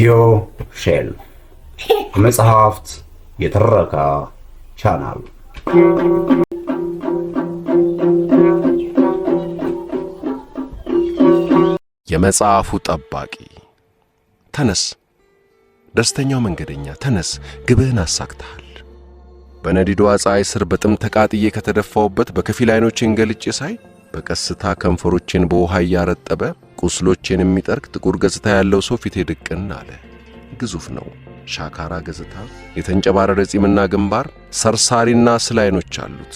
ኢትዮ ሼል መጽሐፍት የትረካ ቻናል የመጽሐፉ ጠባቂ ተነስ፣ ደስተኛው መንገደኛ ተነስ፣ ግብህን አሳክተሃል። በነዲዷ ፀሐይ ስር በጥም ተቃጥዬ ከተደፋውበት በከፊል ዓይኖቼን ገልጬ ሳይ በቀስታ ከንፈሮቼን በውሃ እያረጠበ ቁስሎቼን የሚጠርግ ጥቁር ገጽታ ያለው ሰው ፊቴ ድቅን አለ። ግዙፍ ነው። ሻካራ ገጽታ፣ የተንጨባረረ ጺምና ግንባር፣ ሰርሳሪና ስል አይኖች አሉት።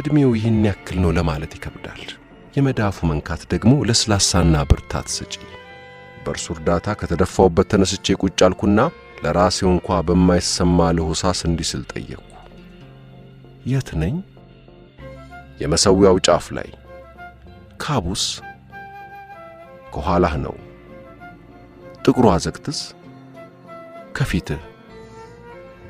ዕድሜው ይህን ያክል ነው ለማለት ይከብዳል። የመዳፉ መንካት ደግሞ ለስላሳና ብርታት ሰጪ። በእርሱ እርዳታ ከተደፋውበት ተነስቼ ቁጭ አልኩና ለራሴው እንኳ በማይሰማ ለሆሳስ እንዲህ ስል ጠየቅኩ። የት ነኝ? የመሠዊያው ጫፍ ላይ። ካቡስ ከኋላህ ነው። ጥቁሩ አዘግትስ ከፊትህ።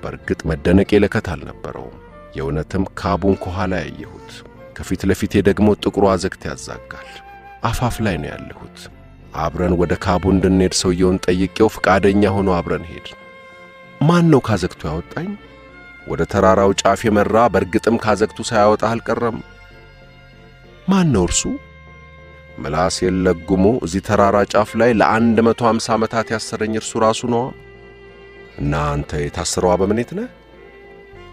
በእርግጥ መደነቄ ለከት አልነበረውም። የእውነትም ካቡን ከኋላ ያየሁት፣ ከፊት ለፊቴ ደግሞ ጥቁሩ አዘግት ያዛጋል። አፋፍ ላይ ነው ያለሁት። አብረን ወደ ካቡ እንድንሄድ ሰውየውን ጠይቄው ፈቃደኛ ሆኖ አብረን ሄድ። ማን ነው ካዘግቱ ያወጣኝ? ወደ ተራራው ጫፍ የመራ በእርግጥም ካዘግቱ ሳያወጣ አልቀረም። ማን ነው እርሱ? ምላስ ለግሞ እዚህ ተራራ ጫፍ ላይ ለአንድ መቶ ሃምሳ ዓመታት ያሰረኝ እርሱ ራሱ ነዋ። እና አንተ የታሰረዋ በምኔት ነህ?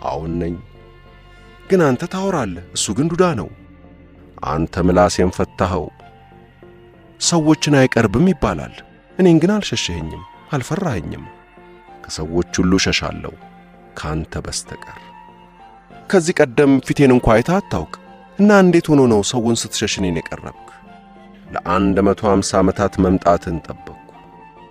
አሁን ነኝ። ግን አንተ ታወራለህ፣ እሱ ግን ዱዳ ነው። አንተ ምላሴን ፈታኸው። ሰዎችን አይቀርብም ይባላል። እኔን ግን አልሸሸኸኝም፣ አልፈራኸኝም። ከሰዎች ሁሉ ሸሻለሁ ካንተ በስተቀር። ከዚህ ቀደም ፊቴን እንኳ አይታ አታውቅ እና እንዴት ሆኖ ነው ሰውን ስትሸሽኔ የቀረብ ለአንድ መቶ ሃምሳ ዓመታት መምጣትን ጠበቅኩ።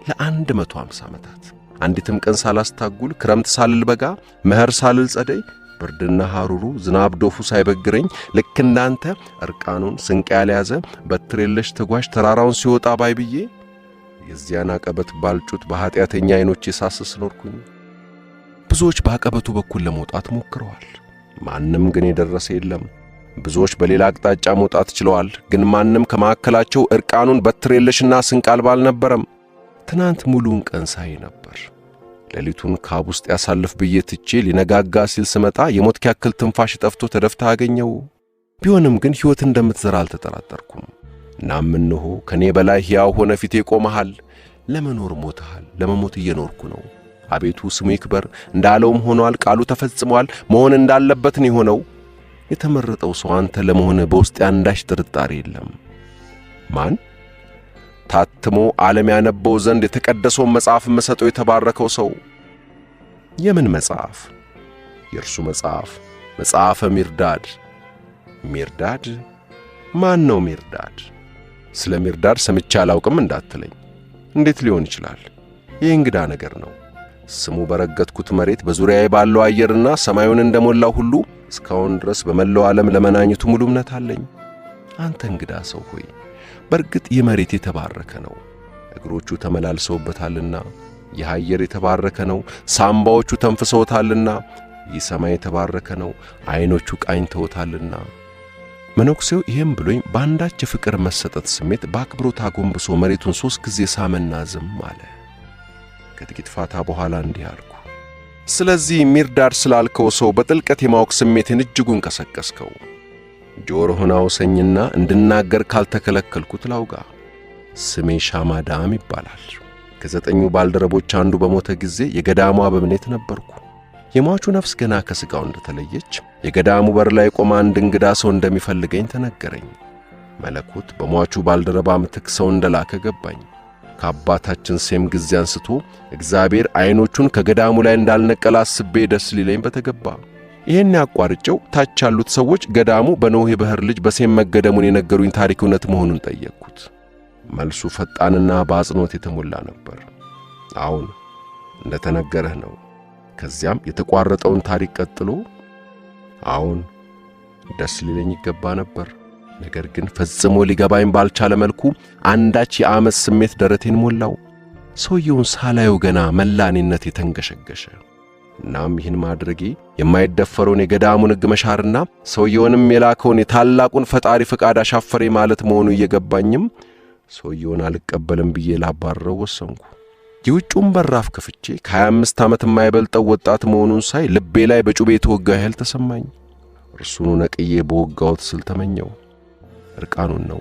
ለአንድ መቶ ሃምሳ ዓመታት አንዲትም ቀን ሳላስታጉል ክረምት ሳልል በጋ መኸር ሳልል ጸደይ ብርድና ሐሩሩ ዝናብ ዶፉ ሳይበግረኝ ልክ እንዳንተ እርቃኑን ስንቅ ያልያዘ በትር የለሽ ተጓዥ ተራራውን ሲወጣ ባይ ብዬ የዚያን አቀበት ባልጩት በኀጢአተኛ ዐይኖች የሳስስ ኖርኩኝ። ብዙዎች በአቀበቱ በኩል ለመውጣት ሞክረዋል። ማንም ግን የደረሰ የለም። ብዙዎች በሌላ አቅጣጫ መውጣት ችለዋል፣ ግን ማንም ከማዕከላቸው ዕርቃኑን በትር የለሽና ስንቅ አልባ አልነበረም። ትናንት ሙሉውን ቀን ሳይ ነበር። ሌሊቱን ካብ ውስጥ ያሳልፍ ብዬ ትቼ ሊነጋጋ ሲል ስመጣ የሞት ያክል ትንፋሽ ጠፍቶ ተደፍታ አገኘው። ቢሆንም ግን ሕይወት እንደምትዘራ አልተጠራጠርኩም። እናም እንሆ ከእኔ በላይ ሕያው ሆነ ፊቴ ቆመሃል። ለመኖር ሞተሃል፣ ለመሞት እየኖርኩ ነው። አቤቱ ስሙ ይክበር። እንዳለውም ሆኗል፣ ቃሉ ተፈጽሟል፣ መሆን እንዳለበትን የሆነው የተመረጠው ሰው አንተ ለመሆነ በውስጥ አንዳች ጥርጣሬ የለም። ማን ታትሞ ዓለም ያነበው ዘንድ የተቀደሰውን መጽሐፍ መሰጠው የተባረከው ሰው። የምን መጽሐፍ? የእርሱ መጽሐፍ መጽሐፈ ሚርዳድ። ሚርዳድ ማን ነው? ሚርዳድ ስለ ሚርዳድ ሰምቼ አላውቅም እንዳትለኝ። እንዴት ሊሆን ይችላል? ይህ እንግዳ ነገር ነው። ስሙ በረገጥኩት መሬት በዙሪያዬ ባለው አየርና ሰማዩን እንደሞላው ሁሉ እስካሁን ድረስ በመላው ዓለም ለመናኘቱ ሙሉ እምነት አለኝ። አንተ እንግዳ ሰው ሆይ በእርግጥ ይህ መሬት የተባረከ ነው፣ እግሮቹ ተመላልሰውበታልና። ይህ አየር የተባረከ ነው፣ ሳምባዎቹ ተንፍሰውታልና። ይህ ሰማይ የተባረከ ነው፣ ዐይኖቹ ቃኝተውታልና። መነኩሴው ይህም ብሎኝ በአንዳች የፍቅር መሰጠት ስሜት በአክብሮት አጎንብሶ መሬቱን ሦስት ጊዜ ሳመና ዝም አለ። ከጥቂት ፋታ በኋላ እንዲህ አልኩ። ስለዚህ ሚርዳድ ስላልከው ሰው በጥልቀት የማወቅ ስሜትን እጅጉን ቀሰቀስከው። ጆሮህን አውሰኝና እንድናገር ካልተከለከልኩ ላውጋ ስሜ ሻማዳም ይባላል። ከዘጠኙ ባልደረቦች አንዱ በሞተ ጊዜ የገዳሙ አበምኔት ነበርኩ። የሟቹ ነፍስ ገና ከሥጋው እንደተለየች የገዳሙ በር ላይ ቆማ አንድ እንግዳ ሰው እንደሚፈልገኝ ተነገረኝ። መለኮት በሟቹ ባልደረባ ምትክ ሰው እንደላከ ገባኝ። ከአባታችን ሴም ጊዜ አንስቶ እግዚአብሔር ዐይኖቹን ከገዳሙ ላይ እንዳልነቀለ አስቤ ደስ ሊለኝ በተገባ። ይህን ያቋርጨው ታች ያሉት ሰዎች ገዳሙ በኖኅ የባሕር ልጅ በሴም መገደሙን የነገሩኝ ታሪክ እውነት መሆኑን ጠየቅኩት። መልሱ ፈጣንና በአጽንኦት የተሞላ ነበር። አሁን እንደ ተነገረህ ነው። ከዚያም የተቋረጠውን ታሪክ ቀጥሎ አሁን ደስ ሊለኝ ይገባ ነበር። ነገር ግን ፈጽሞ ሊገባኝ ባልቻለ መልኩ አንዳች የአመፅ ስሜት ደረቴን ሞላው። ሰውየውን ሳላየው ገና መላኔነት የተንገሸገሸ። እናም ይህን ማድረጌ የማይደፈረውን የገዳሙን ሕግ መሻርና ሰውየውንም የላከውን የታላቁን ፈጣሪ ፈቃድ አሻፈሬ ማለት መሆኑ እየገባኝም ሰውየውን አልቀበልም ብዬ ላባረረው ወሰንኩ። የውጩን በራፍ ከፍቼ ከሀያ አምስት ዓመት የማይበልጠው ወጣት መሆኑን ሳይ ልቤ ላይ በጩቤ የተወጋ ያህል ተሰማኝ። እርሱኑ ነቅዬ በወጋውት ስል ተመኘው። እርቃኑን ነው።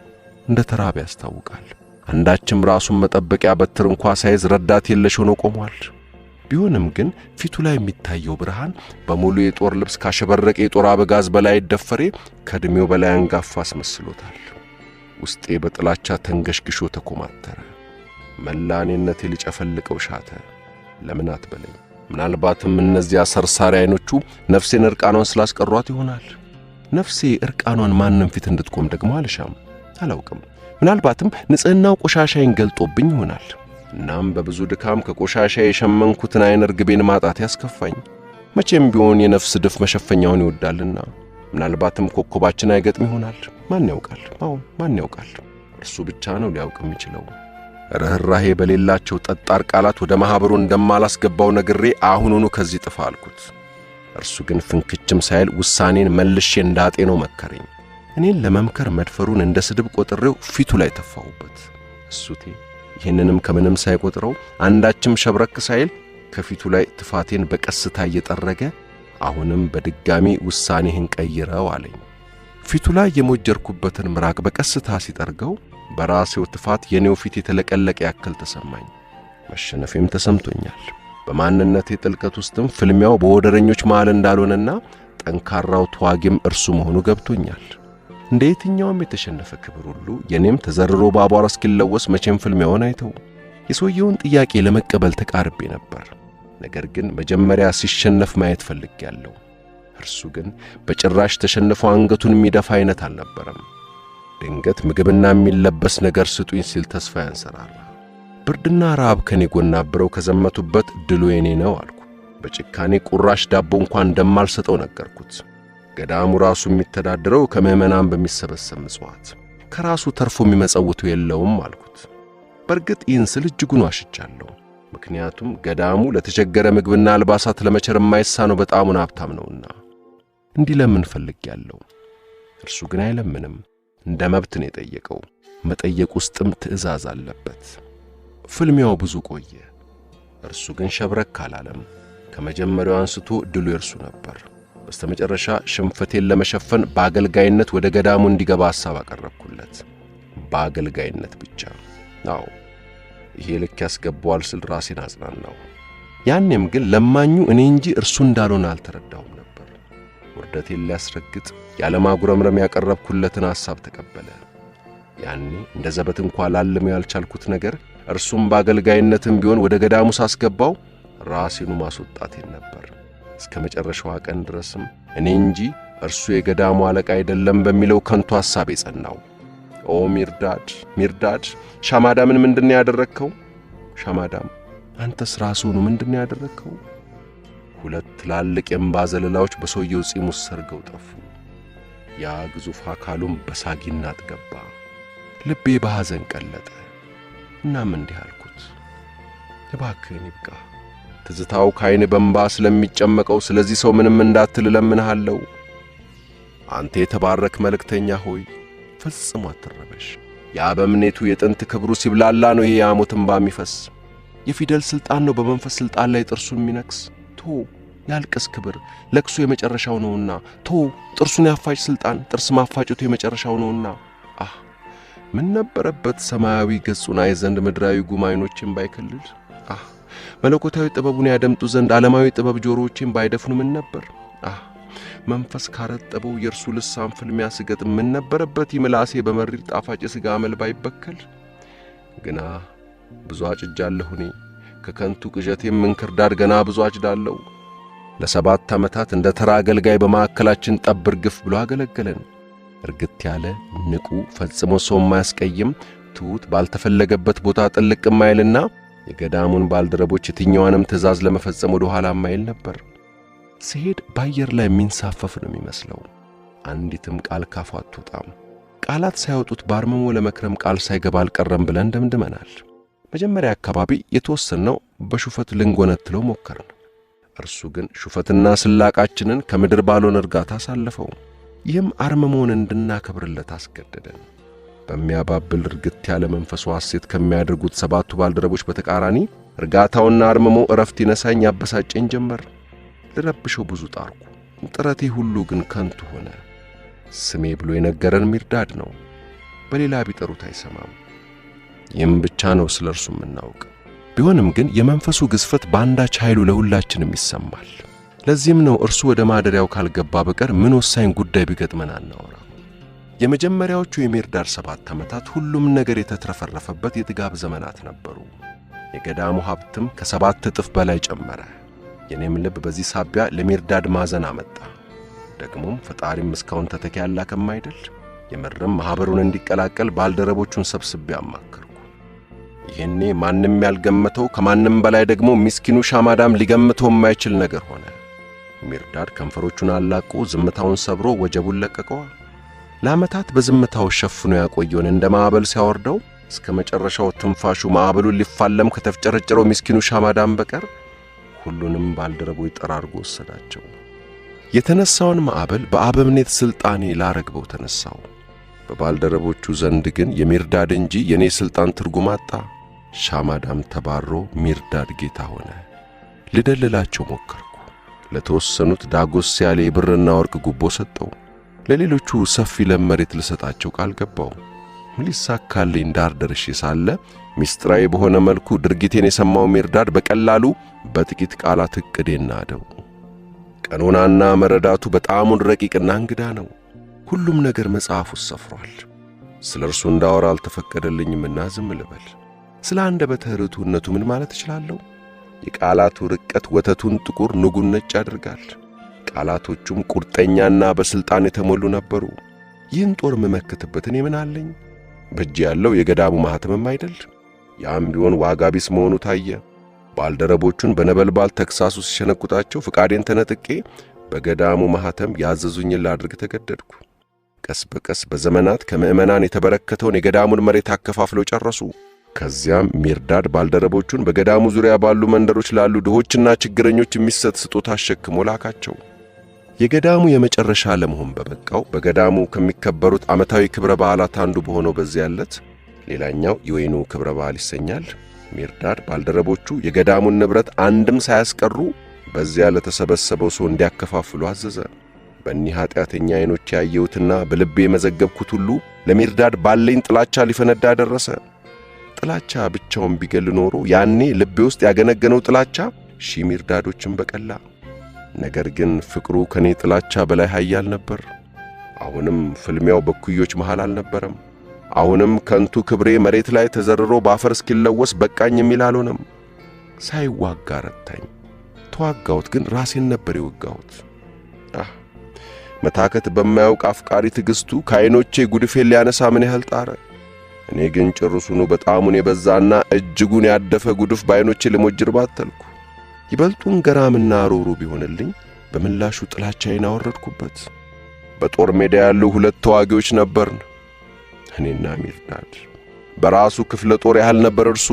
እንደ ተራብ ያስታውቃል። አንዳችም ራሱን መጠበቂያ በትር እንኳ ሳይዝ ረዳት የለሽ ሆኖ ቆሟል። ቢሆንም ግን ፊቱ ላይ የሚታየው ብርሃን በሙሉ የጦር ልብስ ካሸበረቀ የጦር አበጋዝ በላይ ደፈሬ ከዕድሜው በላይ አንጋፋ አስመስሎታል። ውስጤ በጥላቻ ተንገሽግሾ ተኮማተረ። መላኔነቴ ሊጨፈልቀው ሻተ። ለምን አትበለኝ። ምናልባትም እነዚያ ሰርሳሪ አይኖቹ ነፍሴን እርቃኗን ስላስቀሯት ይሆናል። ነፍሴ እርቃኗን ማንም ፊት እንድትቆም ደግሞ አልሻም፣ አላውቅም። ምናልባትም ንጽህናው ቆሻሻይን ገልጦብኝ ይሆናል። እናም በብዙ ድካም ከቆሻሻ የሸመንኩትን አይን ርግቤን ማጣት ያስከፋኝ። መቼም ቢሆን የነፍስ ድፍ መሸፈኛውን ይወዳልና ምናልባትም ኮከባችን አይገጥም ይሆናል። ማን ያውቃል? አዎ ማን ያውቃል? እርሱ ብቻ ነው ሊያውቅ የሚችለው። ርኅራሄ በሌላቸው ጠጣር ቃላት ወደ ማኅበሩ እንደማላስገባው ነግሬ አሁኑኑ ከዚህ ጥፋ አልኩት። እርሱ ግን ፍንክችም ሳይል ውሳኔን መልሼ እንዳጤነው መከረኝ። እኔን ለመምከር መድፈሩን እንደ ስድብ ቆጥሬው ፊቱ ላይ ተፋሁበት። እሱቴ ይህንንም ከምንም ሳይቆጥረው አንዳችም ሸብረክ ሳይል ከፊቱ ላይ ትፋቴን በቀስታ እየጠረገ አሁንም በድጋሚ ውሳኔህን ቀይረው አለኝ። ፊቱ ላይ የሞጀርኩበትን ምራቅ በቀስታ ሲጠርገው በራሴው ትፋት የኔው ፊት የተለቀለቀ ያክል ተሰማኝ። መሸነፌም ተሰምቶኛል። በማንነቴ ጥልቀት ውስጥም ፍልሚያው በወደረኞች መሃል እንዳልሆነና ጠንካራው ተዋጊም እርሱ መሆኑ ገብቶኛል። እንደ የትኛውም የተሸነፈ ክብር ሁሉ የኔም ተዘርሮ በአቧራ እስኪለወስ መቼም ፍልሚያውን አይተውም። የሰውየውን ጥያቄ ለመቀበል ተቃርቤ ነበር። ነገር ግን መጀመሪያ ሲሸነፍ ማየት ፈልጌያለሁ። እርሱ ግን በጭራሽ ተሸንፎ አንገቱን የሚደፋ አይነት አልነበረም። ድንገት ምግብና የሚለበስ ነገር ስጡኝ ሲል ተስፋ ያንሰራራል። ብርድና ረሃብ ከኔ ጎን አብረው ከዘመቱበት ድሉ የኔ ነው አልኩ። በጭካኔ ቁራሽ ዳቦ እንኳን እንደማልሰጠው ነገርኩት። ገዳሙ ራሱ የሚተዳደረው ከምዕመናን በሚሰበሰብ ምጽዋት ከራሱ ተርፎ የሚመጸውቱ የለውም አልኩት። በእርግጥ ይህን ስል እጅጉን አሽቻለሁ። ምክንያቱም ገዳሙ ለተቸገረ ምግብና አልባሳት ለመቸር የማይሳነው በጣሙን ሀብታም ነውና እንዲህ ለምን ፈልግ ያለው እርሱ ግን አይለምንም። እንደ መብት ነው የጠየቀው። መጠየቅ ውስጥም ትዕዛዝ አለበት። ፍልሚያው ብዙ ቆየ። እርሱ ግን ሸብረክ አላለም። ከመጀመሪያው አንስቶ ድሉ የእርሱ ነበር። በስተመጨረሻ ሽንፈቴን ለመሸፈን በአገልጋይነት ወደ ገዳሙ እንዲገባ ሐሳብ አቀረብኩለት። በአገልጋይነት ብቻ አዎ፣ ይሄ ልክ ያስገባዋል ስል ራሴን አጽናናው። ያኔም ግን ለማኙ እኔ እንጂ እርሱ እንዳልሆነ አልተረዳሁም ነበር። ውርደቴን ሊያስረግጥ ያለማጉረምረም ያቀረብኩለትን ሐሳብ ተቀበለ። ያኔ እንደ ዘበት እንኳ ላለመው ያልቻልኩት ነገር እርሱም በአገልጋይነትም ቢሆን ወደ ገዳሙ ሳስገባው ራሴኑ ማስወጣቴን ነበር። እስከ መጨረሻዋ ቀን ድረስም እኔ እንጂ እርሱ የገዳሙ አለቃ አይደለም በሚለው ከንቱ ሐሳብ የጸናው። ኦ ሚርዳድ ሚርዳድ፣ ሻማዳምን ምንድን ያደረግከው? ሻማዳም አንተስ ራስኑ ምንድን ያደረግከው? ሁለት ትላልቅ የእምባ ዘለላዎች በሰውየው ጺም ውስጥ ሰርገው ጠፉ። ያ ግዙፍ አካሉም በሳጊናት ገባ። ልቤ በሐዘን ቀለጠ። እናም እንዲህ አልኩት፣ እባክህን ይብቃ። ትዝታው ካይን በንባ ስለሚጨመቀው ስለዚህ ሰው ምንም እንዳትል እለምንሃለሁ። አንተ የተባረክ መልእክተኛ ሆይ ፈጽሞ አትረበሽ። የአበምኔቱ የጥንት ክብሩ ሲብላላ ነው ይህ የሐሞት እንባ የሚፈስ። የፊደል ሥልጣን ነው በመንፈስ ሥልጣን ላይ ጥርሱን የሚነክስ። ቶ ያልቅስ፣ ክብር ለቅሶ የመጨረሻው ነውና። ቶ ጥርሱን ያፋጭ ሥልጣን ጥርስ ማፋጨቱ የመጨረሻው ነውና ምን ነበረበት ሰማያዊ ገጹን አይ ዘንድ ምድራዊ ጉማይኖችን ባይከልል፣ አህ መለኮታዊ ጥበቡን ያደምጡ ዘንድ ዓለማዊ ጥበብ ጆሮዎችን ባይደፍኑ ምን ነበር? አህ መንፈስ ካረጠበው የእርሱ ልሳን ፍልሚያ ስገጥም ምን ነበረበት ይምላሴ በመሪር ጣፋጭ ሥጋ አመል ባይበከል? ግና ብዙ አጭጃለሁ እኔ ከከንቱ ቅዠቴም እንክርዳድ ገና ብዙ አጭዳለሁ። ለሰባት ዓመታት እንደ ተራ አገልጋይ በማዕከላችን ጠብር ግፍ ብሎ አገለገለን። እርግት ያለ ንቁ፣ ፈጽሞ ሰው የማያስቀይም ትሑት፣ ባልተፈለገበት ቦታ ጥልቅ ማይልና የገዳሙን ባልደረቦች የትኛዋንም ትእዛዝ ለመፈጸም ወደ ኋላ ማይል ነበር። ሲሄድ በአየር ላይ የሚንሳፈፍ ነው የሚመስለው። አንዲትም ቃል ካፉ አትወጣም። ቃላት ሳይወጡት ባርመሞ ለመክረም ቃል ሳይገባ አልቀረም ብለን ደምድመናል። መጀመሪያ አካባቢ የተወሰነው በሹፈት ልንጎነትለው ሞከርን። እርሱ ግን ሹፈትና ስላቃችንን ከምድር ባልሆነ እርጋታ አሳለፈውም? ይህም አርመሞን እንድናከብርለት አስገደደን። በሚያባብል እርግት ያለ መንፈሱ ሐሴት ከሚያደርጉት ሰባቱ ባልደረቦች በተቃራኒ እርጋታውና አርመሞ እረፍት ይነሳኝ ያበሳጨኝ ጀመር። ልረብሸው ብዙ ጣርኩ። ጥረቴ ሁሉ ግን ከንቱ ሆነ። ስሜ ብሎ የነገረን ሚርዳድ ነው። በሌላ ቢጠሩት አይሰማም። ይህም ብቻ ነው ስለ እርሱ የምናውቅ። ቢሆንም ግን የመንፈሱ ግዝፈት በአንዳች ኃይሉ ለሁላችንም ይሰማል። ለዚህም ነው እርሱ ወደ ማደሪያው ካልገባ በቀር ምን ወሳኝ ጉዳይ ቢገጥመን አናወራ። የመጀመሪያዎቹ የሜርዳር ሰባት ዓመታት ሁሉም ነገር የተትረፈረፈበት የጥጋብ ዘመናት ነበሩ። የገዳሙ ሀብትም ከሰባት እጥፍ በላይ ጨመረ። የኔም ልብ በዚህ ሳቢያ ለሜርዳድ ማዘን አመጣ። ደግሞም ፈጣሪም እስካሁን ተተኪ ያላከም አይደል? የምርም ማኅበሩን እንዲቀላቀል ባልደረቦቹን ሰብስቤ አማከርኩ። ይህኔ ማንም ያልገመተው ከማንም በላይ ደግሞ ምስኪኑ ሻማዳም ሊገምተው የማይችል ነገር ሆነ። ሚርዳድ ከንፈሮቹን አላቁ ዝምታውን ሰብሮ ወጀቡን ለቀቀዋል። ለዓመታት በዝምታው ሸፍኖ ያቆየውን እንደ ማዕበል ሲያወርደው እስከ መጨረሻው ትንፋሹ ማዕበሉን ሊፋለም ከተፍጨረጨረው ምስኪኑ ሻማዳን በቀር ሁሉንም ባልደረቦች ጠራርጎ ወሰዳቸው። የተነሳውን ማዕበል በአበምኔት ሥልጣኔ ላረግበው ተነሳው። በባልደረቦቹ ዘንድ ግን የሚርዳድ እንጂ የእኔ ሥልጣን ትርጉም አጣ። ሻማዳም ተባሮ ሚርዳድ ጌታ ሆነ። ልደልላቸው ሞከርኩ። ለተወሰኑት ዳጎስ ያለ የብርና ወርቅ ጉቦ ሰጠው። ለሌሎቹ ሰፊ ለም መሬት ልሰጣቸው ቃል ገባው። ሊሳካልኝ እንዳር ደርሼ ሳለ ምስጢራዊ በሆነ መልኩ ድርጊቴን የሰማው ሚርዳድ በቀላሉ በጥቂት ቃላት ዕቅዴና አደው። ቀኖናና መረዳቱ በጣሙን ረቂቅና እንግዳ ነው። ሁሉም ነገር መጽሐፍ ውስጥ ሰፍሯል። ስለ እርሱ እንዳወራ አልተፈቀደልኝምና ዝም ልበል። ስለ አንደበተ ርቱዕነቱ ምን ማለት እችላለሁ? የቃላቱ ርቀት ወተቱን ጥቁር ንጉን ነጭ ያደርጋል። ቃላቶቹም ቁርጠኛና በሥልጣን የተሞሉ ነበሩ። ይህን ጦር መመከትበት እኔ ምን አለኝ? በእጅ ያለው የገዳሙ ማኅተምም አይደል? ያም ቢሆን ዋጋ ቢስ መሆኑ ታየ። ባልደረቦቹን በነበልባል ተግሳሱ ሲሸነቁጣቸው ፍቃዴን ተነጥቄ በገዳሙ ማኅተም ያዘዙኝን ላድርግ ተገደድኩ። ቀስ በቀስ በዘመናት ከምዕመናን የተበረከተውን የገዳሙን መሬት አከፋፍለው ጨረሱ። ከዚያም ሚርዳድ ባልደረቦቹን በገዳሙ ዙሪያ ባሉ መንደሮች ላሉ ድሆችና ችግረኞች የሚሰጥ ስጦታ አሸክሞ ላካቸው። የገዳሙ የመጨረሻ ለመሆን በበቃው በገዳሙ ከሚከበሩት ዓመታዊ ክብረ በዓላት አንዱ በሆነው በዚያ ዕለት ሌላኛው የወይኑ ክብረ በዓል ይሰኛል። ሚርዳድ ባልደረቦቹ የገዳሙን ንብረት አንድም ሳያስቀሩ በዚያ ለተሰበሰበው ሰው እንዲያከፋፍሉ አዘዘ። በእኒህ ኀጢአተኛ ዐይኖች ያየሁትና በልቤ የመዘገብኩት ሁሉ ለሚርዳድ ባለኝ ጥላቻ ሊፈነዳ ደረሰ። ጥላቻ ብቻውን ቢገል ኖሮ ያኔ ልቤ ውስጥ ያገነገነው ጥላቻ ሺህ ሚርዳዶችን በቀላ። ነገር ግን ፍቅሩ ከኔ ጥላቻ በላይ ኃያል ነበር። አሁንም ፍልሚያው በኩዮች መሃል አልነበረም። አሁንም ከንቱ ክብሬ መሬት ላይ ተዘርሮ በአፈር እስኪለወስ በቃኝ የሚል አልሆነም። ሳይዋጋ ረታኝ። ተዋጋሁት፣ ግን ራሴን ነበር የወጋሁት። አህ መታከት በማያውቅ አፍቃሪ ትዕግሥቱ ከዐይኖቼ ጉድፌን ሊያነሳ ምን ያህል ጣረ። እኔ ግን ጭርሱኑ በጣሙን የበዛና እጅጉን ያደፈ ጉድፍ በዐይኖቼ ልሞጅር ባተልኩ ይበልጡን ገራምና ሩሩ ቢሆንልኝ በምላሹ ጥላቻዬን አወረድኩበት። በጦር ሜዳ ያሉ ሁለት ተዋጊዎች ነበርን፣ እኔና ሚርዳድ። በራሱ ክፍለ ጦር ያህል ነበር እርሱ።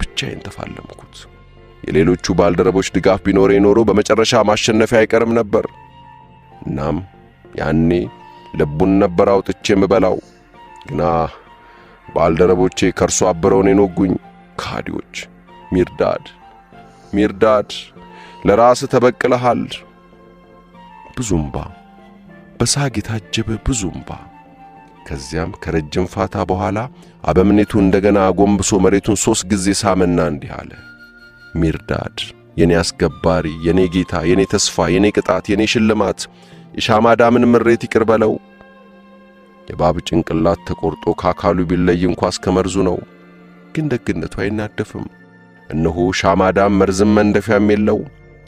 ብቻዬን ተፋለምኩት። የሌሎቹ ባልደረቦች ድጋፍ ቢኖር ኖሮ በመጨረሻ ማሸነፊያ አይቀርም ነበር። እናም ያኔ ልቡን ነበር አውጥቼ የምበላው። ግና ባልደረቦቼ ከእርሱ አብረውን የኖጉኝ ካዲዎች። ሚርዳድ ሚርዳድ ለራስ ተበቅለሃል። ብዙምባ በሳግ የታጀበ ብዙምባ። ከዚያም ከረጅም ፋታ በኋላ አበምኔቱ እንደገና ጎንብሶ መሬቱን ሦስት ጊዜ ሳመና እንዲህ አለ። ሚርዳድ የኔ አስገባሪ፣ የኔ ጌታ፣ የኔ ተስፋ፣ የኔ ቅጣት፣ የኔ ሽልማት የሻማዳምን ምሬት ይቅር በለው የባብ ጭንቅላት ተቆርጦ ከአካሉ ቢለይ እንኳ እስከ መርዙ ነው። ግን ደግነቱ አይናደፍም። እነሆ ሻማዳም መርዝም መንደፊያም የለው።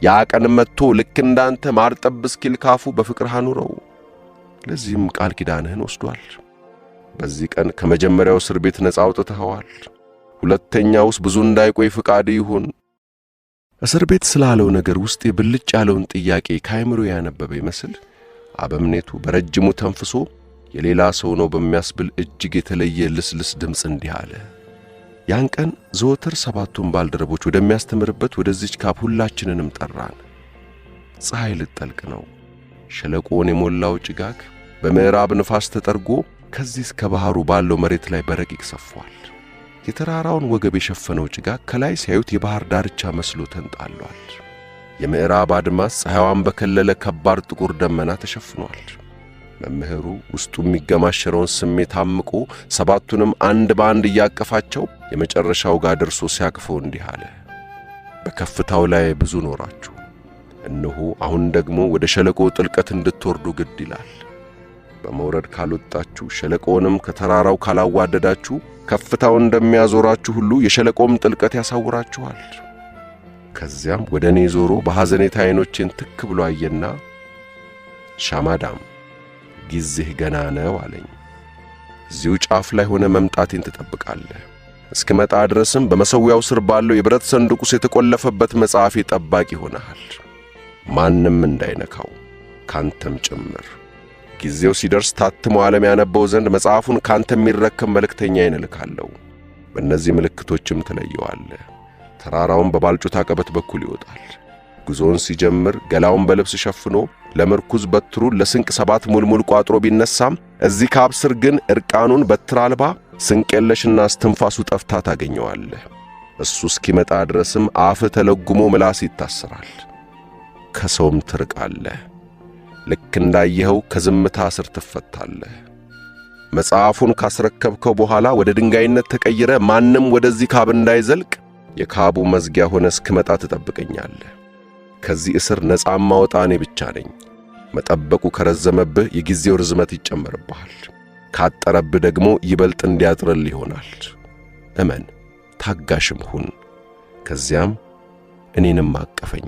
ያ ቀን መጥቶ ልክ እንዳንተ ማር ጠብ እስኪል ካፉ በፍቅርህ አኑረው። ለዚህም ቃል ኪዳንህን ወስዷል። በዚህ ቀን ከመጀመሪያው እስር ቤት ነፃ አውጥተኸዋል። ሁለተኛውስ ብዙ እንዳይቆይ ፍቃድ ይሁን። እስር ቤት ስላለው ነገር ውስጥ የብልጭ ያለውን ጥያቄ ከአይምሮ ያነበበ ይመስል አበምኔቱ በረጅሙ ተንፍሶ የሌላ ሰው ነው በሚያስብል እጅግ የተለየ ልስልስ ድምፅ እንዲህ አለ። ያን ቀን ዘወትር ሰባቱን ባልደረቦች ወደሚያስተምርበት ወደዚች ካብ ሁላችንንም ጠራን። ፀሐይ ልጠልቅ ነው። ሸለቆውን የሞላው ጭጋግ በምዕራብ ንፋስ ተጠርጎ ከዚህ እስከ ባህሩ ባለው መሬት ላይ በረቂቅ ሰፏል። የተራራውን ወገብ የሸፈነው ጭጋግ ከላይ ሲያዩት የባህር ዳርቻ መስሎ ተንጣሏል። የምዕራብ አድማስ ፀሐይዋን በከለለ ከባድ ጥቁር ደመና ተሸፍኗል። መምህሩ ውስጡ የሚገማሸረውን ስሜት አምቆ ሰባቱንም አንድ በአንድ እያቀፋቸው የመጨረሻው ጋር ደርሶ ሲያቅፈው እንዲህ አለ። በከፍታው ላይ ብዙ ኖራችሁ፣ እነሆ አሁን ደግሞ ወደ ሸለቆ ጥልቀት እንድትወርዱ ግድ ይላል። በመውረድ ካልወጣችሁ፣ ሸለቆንም ከተራራው ካላዋደዳችሁ፣ ከፍታው እንደሚያዞራችሁ ሁሉ የሸለቆም ጥልቀት ያሳውራችኋል። ከዚያም ወደ እኔ ዞሮ በሐዘኔታ ዐይኖቼን ትክ ብሎ አየና ሻማዳም ጊዜህ ገና ነው አለኝ። እዚሁ ጫፍ ላይ ሆነ መምጣቴን ትጠብቃለህ። እስክመጣ ድረስም በመሠዊያው ስር ባለው የብረት ሰንዱቅ ውስጥ የተቆለፈበት መጽሐፌ ጠባቂ ሆነሃል። ማንም እንዳይነካው ካንተም ጭምር። ጊዜው ሲደርስ ታትሞ ዓለም ያነበው ዘንድ መጽሐፉን ካንተ የሚረከብ መልእክተኛ ይንልካለሁ። በእነዚህ ምልክቶችም ትለየዋለህ። ተራራውን በባልጩት አቀበት በኩል ይወጣል። ጉዞውን ሲጀምር ገላውን በልብስ ሸፍኖ ለምርኩዝ በትሩን ለስንቅ ሰባት ሙልሙል ቋጥሮ ቢነሳም እዚህ ካብ ስር ግን እርቃኑን በትር አልባ ስንቅ የለሽና እስትንፋሱ ጠፍታ ታገኘዋለህ። እሱ እስኪመጣ ድረስም አፍ ተለጉሞ ምላስ ይታሰራል፣ ከሰውም ትርቃለህ። ልክ እንዳየኸው ከዝምታ ስር ትፈታለህ። መጽሐፉን ካስረከብከው በኋላ ወደ ድንጋይነት ተቀይረ ማንም ወደዚህ ካብ እንዳይዘልቅ የካቡ መዝጊያ ሆነ እስክመጣ ትጠብቀኛለህ። ከዚህ እስር ነፃ ማወጣ እኔ ብቻ ነኝ። መጠበቁ ከረዘመብህ የጊዜው ርዝመት ይጨመርብሃል፣ ካጠረብህ ደግሞ ይበልጥ እንዲያጥርል ይሆናል። እመን፣ ታጋሽም ሁን። ከዚያም እኔንም አቀፈኝ።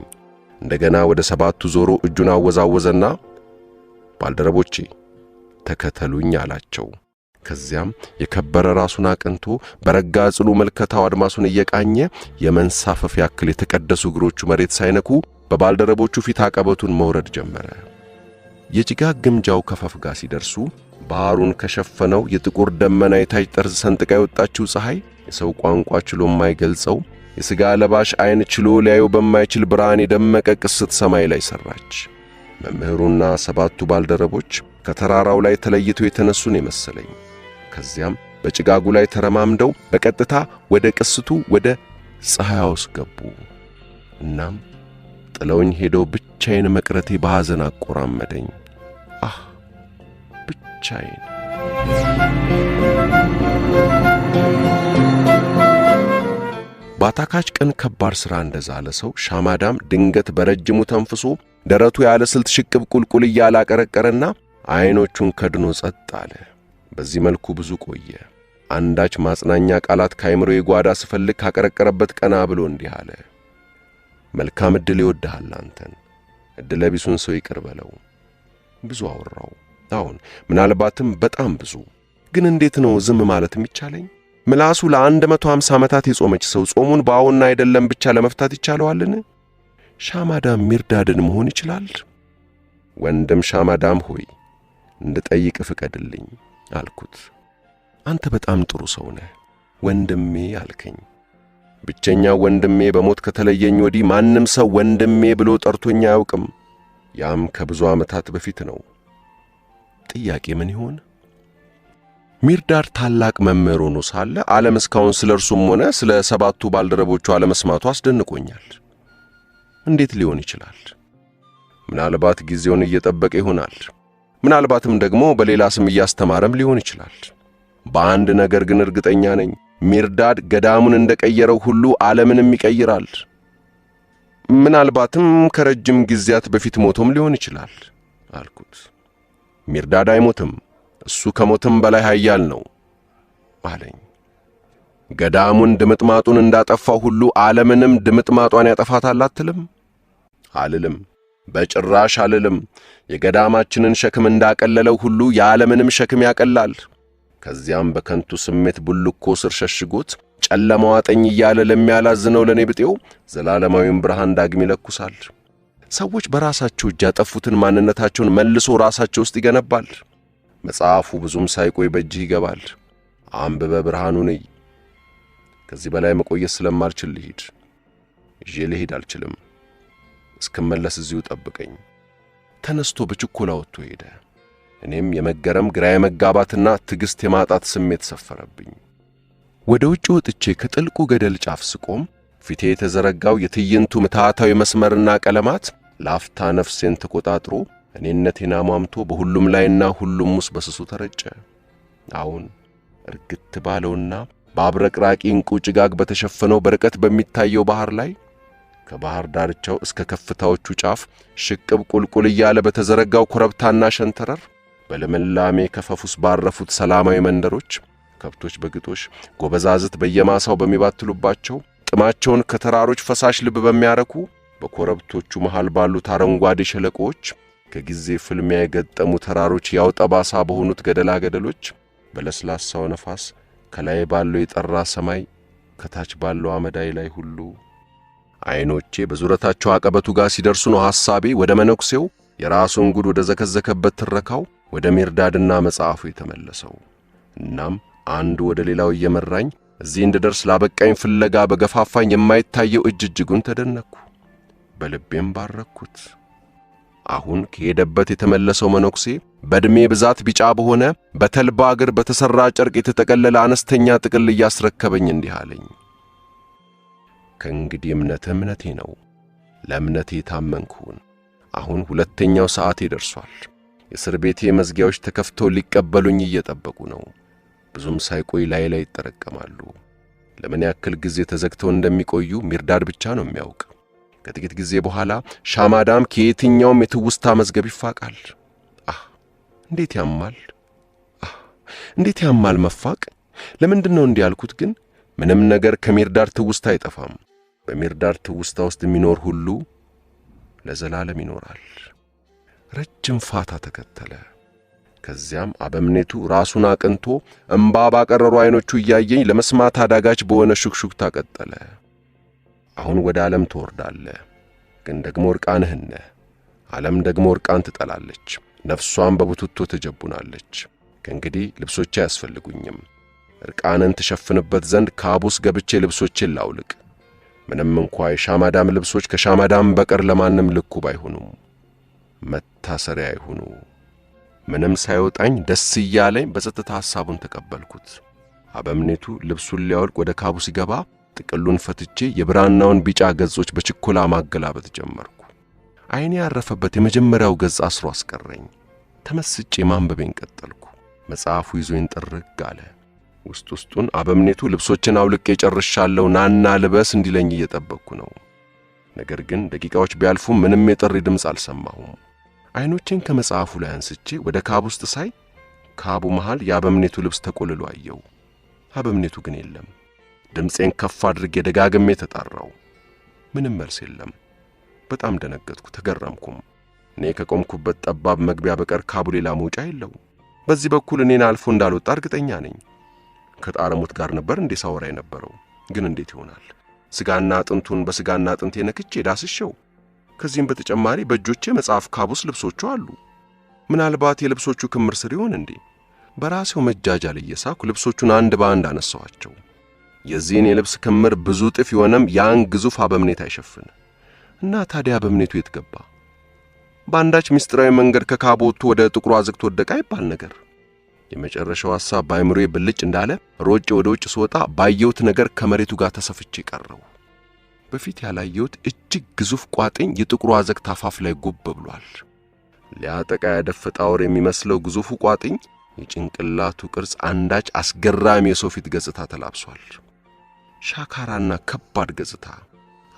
እንደገና ወደ ሰባቱ ዞሮ እጁን አወዛወዘና ባልደረቦቼ ተከተሉኝ አላቸው። ከዚያም የከበረ ራሱን አቅንቶ በረጋ ጽኑ መልከታው አድማሱን እየቃኘ የመንሳፈፍ ያክል የተቀደሱ እግሮቹ መሬት ሳይነኩ በባልደረቦቹ ፊት አቀበቱን መውረድ ጀመረ። የጭጋግ ግምጃው ከፈፍ ጋር ሲደርሱ ባህሩን ከሸፈነው የጥቁር ደመና የታች ጠርዝ ሰንጥቃ የወጣችው ፀሐይ የሰው ቋንቋ ችሎ የማይገልጸው የሥጋ ለባሽ ዐይን ችሎ ሊያየው በማይችል ብርሃን የደመቀ ቅስት ሰማይ ላይ ሠራች። መምህሩና ሰባቱ ባልደረቦች ከተራራው ላይ ተለይተው የተነሱን የመሰለኝ። ከዚያም በጭጋጉ ላይ ተረማምደው በቀጥታ ወደ ቅስቱ ወደ ፀሐያውስ ገቡ። እናም ጥለውኝ ሄደው ብቻዬን መቅረቴ በሐዘን አቆራመደኝ። አህ ብቻዬን። ባታካች ቀን ከባድ ሥራ እንደዛለ ሰው ሻማዳም ድንገት በረጅሙ ተንፍሶ ደረቱ ያለ ስልት ሽቅብ ቁልቁል እያላቀረቀረና ዐይኖቹን ከድኖ ጸጥ አለ። በዚህ መልኩ ብዙ ቆየ። አንዳች ማጽናኛ ቃላት ከአይምሮ የጓዳ ስፈልግ ካቀረቀረበት ቀና ብሎ እንዲህ አለ። መልካም ዕድል ይወድሃል አንተን። ዕድለ ቢሱን ሰው ይቅር በለው። ብዙ አወራው። አሁን ምናልባትም በጣም ብዙ። ግን እንዴት ነው ዝም ማለት የሚቻለኝ? ምላሱ ለአንድ መቶ ሃምሳ ዓመታት የጾመች ሰው ጾሙን በአዎና አይደለም ብቻ ለመፍታት ይቻለዋልን? ሻማዳም ሚርዳድን መሆን ይችላል። ወንድም ሻማዳም ሆይ እንድጠይቅ ፍቀድልኝ አልኩት። አንተ በጣም ጥሩ ሰው ነህ ወንድሜ አልከኝ። ብቸኛ ወንድሜ በሞት ከተለየኝ ወዲህ ማንም ሰው ወንድሜ ብሎ ጠርቶኝ አያውቅም። ያም ከብዙ ዓመታት በፊት ነው። ጥያቄ ምን ይሆን? ሚርዳር ታላቅ መምህር ሆኖ ሳለ ዓለም እስካሁን ስለ እርሱም ሆነ ስለ ሰባቱ ባልደረቦቹ አለመስማቱ አስደንቆኛል። እንዴት ሊሆን ይችላል? ምናልባት ጊዜውን እየጠበቀ ይሆናል። ምናልባትም ደግሞ በሌላ ስም እያስተማረም ሊሆን ይችላል። በአንድ ነገር ግን እርግጠኛ ነኝ። ሚርዳድ ገዳሙን እንደቀየረው ሁሉ ዓለምንም ይቀይራል። ምናልባትም ከረጅም ጊዜያት በፊት ሞቶም ሊሆን ይችላል አልኩት። ሚርዳድ አይሞትም፣ እሱ ከሞትም በላይ ኃያል ነው አለኝ። ገዳሙን ድምጥማጡን እንዳጠፋው ሁሉ ዓለምንም ድምጥማጧን ያጠፋታል አትልም? አልልም፣ በጭራሽ አልልም። የገዳማችንን ሸክም እንዳቀለለው ሁሉ የዓለምንም ሸክም ያቀላል። ከዚያም በከንቱ ስሜት ቡልኮ ስር ሸሽጎት ጨለማው አጠኝ እያለ ለሚያላዝነው ለእኔ ብጤው ዘላለማዊም ብርሃን ዳግም ይለኩሳል። ሰዎች በራሳቸው እጅ ያጠፉትን ማንነታቸውን መልሶ ራሳቸው ውስጥ ይገነባል። መጽሐፉ ብዙም ሳይቆይ በእጅህ ይገባል። አንብበ ብርሃኑ ነይ። ከዚህ በላይ መቆየት ስለማልችል ልሂድ። ይዤ ልሂድ አልችልም። እስክመለስ እዚሁ ጠብቀኝ። ተነስቶ በችኮላ ወጥቶ ሄደ። እኔም የመገረም ግራ የመጋባትና ትዕግሥት የማጣት ስሜት ሰፈረብኝ። ወደ ውጭ ወጥቼ ከጥልቁ ገደል ጫፍ ስቆም ፊቴ የተዘረጋው የትዕይንቱ ምትሃታዊ መስመርና ቀለማት ላፍታ ነፍሴን ተቆጣጥሮ እኔነቴን አሟምቶ በሁሉም ላይና ሁሉም ውስጥ በስሱ ተረጨ። አሁን እርግት ባለውና በአብረቅራቂ እንቁ ጭጋግ በተሸፈነው በርቀት በሚታየው ባህር ላይ ከባህር ዳርቻው እስከ ከፍታዎቹ ጫፍ ሽቅብ ቁልቁል እያለ በተዘረጋው ኮረብታና ሸንተረር በልምላሜ ከፈፍ ውስጥ ባረፉት ሰላማዊ መንደሮች ከብቶች በግጦሽ ጎበዛዝት በየማሳው በሚባትሉባቸው ጥማቸውን ከተራሮች ፈሳሽ ልብ በሚያረኩ በኮረብቶቹ መሃል ባሉት አረንጓዴ ሸለቆዎች ከጊዜ ፍልሚያ የገጠሙ ተራሮች ያው ጠባሳ በሆኑት ገደላ ገደሎች በለስላሳው ነፋስ ከላይ ባለው የጠራ ሰማይ ከታች ባለው አመዳይ ላይ ሁሉ ዐይኖቼ በዙረታቸው አቀበቱ ጋር ሲደርሱ ነው ሐሳቤ ወደ መነኩሴው የራሱን ጉድ ወደ ዘከዘከበት ትረካው ወደ ሚርዳድና መጽሐፉ የተመለሰው። እናም አንዱ ወደ ሌላው እየመራኝ እዚህ እንድደርስ ላበቃኝ ፍለጋ በገፋፋኝ የማይታየው እጅ እጅጉን ተደነቅኩ፣ በልቤም ባረኩት። አሁን ከሄደበት የተመለሰው መነኩሴ በዕድሜ ብዛት ቢጫ በሆነ በተልባ እግር በተሠራ ጨርቅ የተጠቀለለ አነስተኛ ጥቅል እያስረከበኝ እንዲህ አለኝ። ከእንግዲህ እምነትህ እምነቴ ነው። ለእምነቴ ታመንኩን። አሁን ሁለተኛው ሰዓቴ ደርሷል። የእስር ቤቴ መዝጊያዎች ተከፍተው ሊቀበሉኝ እየጠበቁ ነው። ብዙም ሳይቆይ ላይ ላይ ይጠረቀማሉ። ለምን ያክል ጊዜ ተዘግተው እንደሚቆዩ ሚርዳድ ብቻ ነው የሚያውቅ። ከጥቂት ጊዜ በኋላ ሻማዳም ከየትኛውም የትውስታ መዝገብ ይፋቃል። አህ እንዴት ያማል! አህ እንዴት ያማል መፋቅ! ለምንድን ነው እንዲህ ያልኩት ግን? ምንም ነገር ከሚርዳድ ትውስታ አይጠፋም። በሚርዳድ ትውስታ ውስጥ የሚኖር ሁሉ ለዘላለም ይኖራል። ረጅም ፋታ ተከተለ። ከዚያም አበምኔቱ ራሱን አቅንቶ እምባ ባቀረሩ አይኖቹ እያየኝ ለመስማት አዳጋች በሆነ ሹክሹክታ ቀጠለ። አሁን ወደ ዓለም ትወርዳለ፣ ግን ደግሞ እርቃንህን ዓለም ደግሞ እርቃን ትጠላለች፣ ነፍሷን በቡትቶ ትጀቡናለች። ከእንግዲህ ልብሶቼ አያስፈልጉኝም። እርቃንን ትሸፍንበት ዘንድ ካቡስ ገብቼ ልብሶችን ላውልቅ። ምንም እንኳ የሻማዳም ልብሶች ከሻማዳም በቀር ለማንም ልኩ ባይሆኑም መታሰሪያ ይሁኑ። ምንም ሳይወጣኝ ደስ እያለኝ በጸጥታ ሐሳቡን ተቀበልኩት። አበምኔቱ ልብሱን ሊያወልቅ ወደ ካቡ ሲገባ ጥቅሉን ፈትቼ የብራናውን ቢጫ ገጾች በችኮላ ማገላበጥ ጀመርኩ። ዐይኔ ያረፈበት የመጀመሪያው ገጽ አስሮ አስቀረኝ። ተመስጬ ማንበቤን ቀጠልኩ። መጽሐፉ ይዞኝ ጥርግ አለ። ውስጥ ውስጡን አበምኔቱ ልብሶችን አውልቄ ጨርሻለሁ፣ ናና ልበስ እንዲለኝ እየጠበቅኩ ነው። ነገር ግን ደቂቃዎች ቢያልፉ ምንም የጥሪ ድምፅ አልሰማሁም። ዐይኖቼን ከመጽሐፉ ላይ አንስቼ ወደ ካብ ውስጥ ሳይ ካቡ መሃል የአበምኔቱ ልብስ ተቆልሎ አየው። አበምኔቱ ግን የለም። ድምፄን ከፍ አድርጌ ደጋግሜ ተጣራው። ምንም መልስ የለም። በጣም ደነገጥኩ፣ ተገረምኩም። እኔ ከቆምኩበት ጠባብ መግቢያ በቀር ካቡ ሌላ መውጫ የለው። በዚህ በኩል እኔን አልፎ እንዳልወጣ እርግጠኛ ነኝ። ከጣረሙት ጋር ነበር እንዴ ሳወራ የነበረው? ግን እንዴት ይሆናል? ሥጋና አጥንቱን በሥጋና አጥንቴ ነክቼ ዳስሸው ከዚህም በተጨማሪ በእጆቼ መጽሐፍ ካቡስ ልብሶቹ አሉ። ምናልባት የልብሶቹ ክምር ስር ይሆን እንዴ? በራሴው ላይ እየሳኩ ልብሶቹን አንድ በአንድ አነሳኋቸው። የዚህን የልብስ ክምር ብዙ ጥፍ የሆነም ያን ግዙፍ አበምኔት አይሸፍን እና ታዲያ አበምኔቱ የት ገባ? በአንዳች ምስጢራዊ መንገድ ከካቦቱ ወደ ጥቁሩ አዝግት ወደቀ አይባል ነገር። የመጨረሻው ሐሳብ በአይምሮዬ ብልጭ እንዳለ ሮጬ ወደ ውጭ ስወጣ ባየሁት ነገር ከመሬቱ ጋር ተሰፍቼ ቀረው። በፊት ያላየሁት እጅግ ግዙፍ ቋጥኝ የጥቁሩ አዘቅት አፋፍ ላይ ጎብ ብሏል። ሊያጠቃ ያደፈጠ አውር የሚመስለው ግዙፉ ቋጥኝ የጭንቅላቱ ቅርጽ አንዳች አስገራሚ የሰው ፊት ገጽታ ተላብሷል። ሻካራና ከባድ ገጽታ፣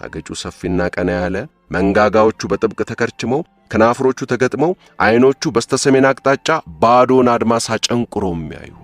አገጩ ሰፊና ቀና ያለ፣ መንጋጋዎቹ በጥብቅ ተከርችመው ከናፍሮቹ ተገጥመው፣ በስተ በስተሰሜን አቅጣጫ ባዶን አድማስ አጨንቁሮ የሚያዩ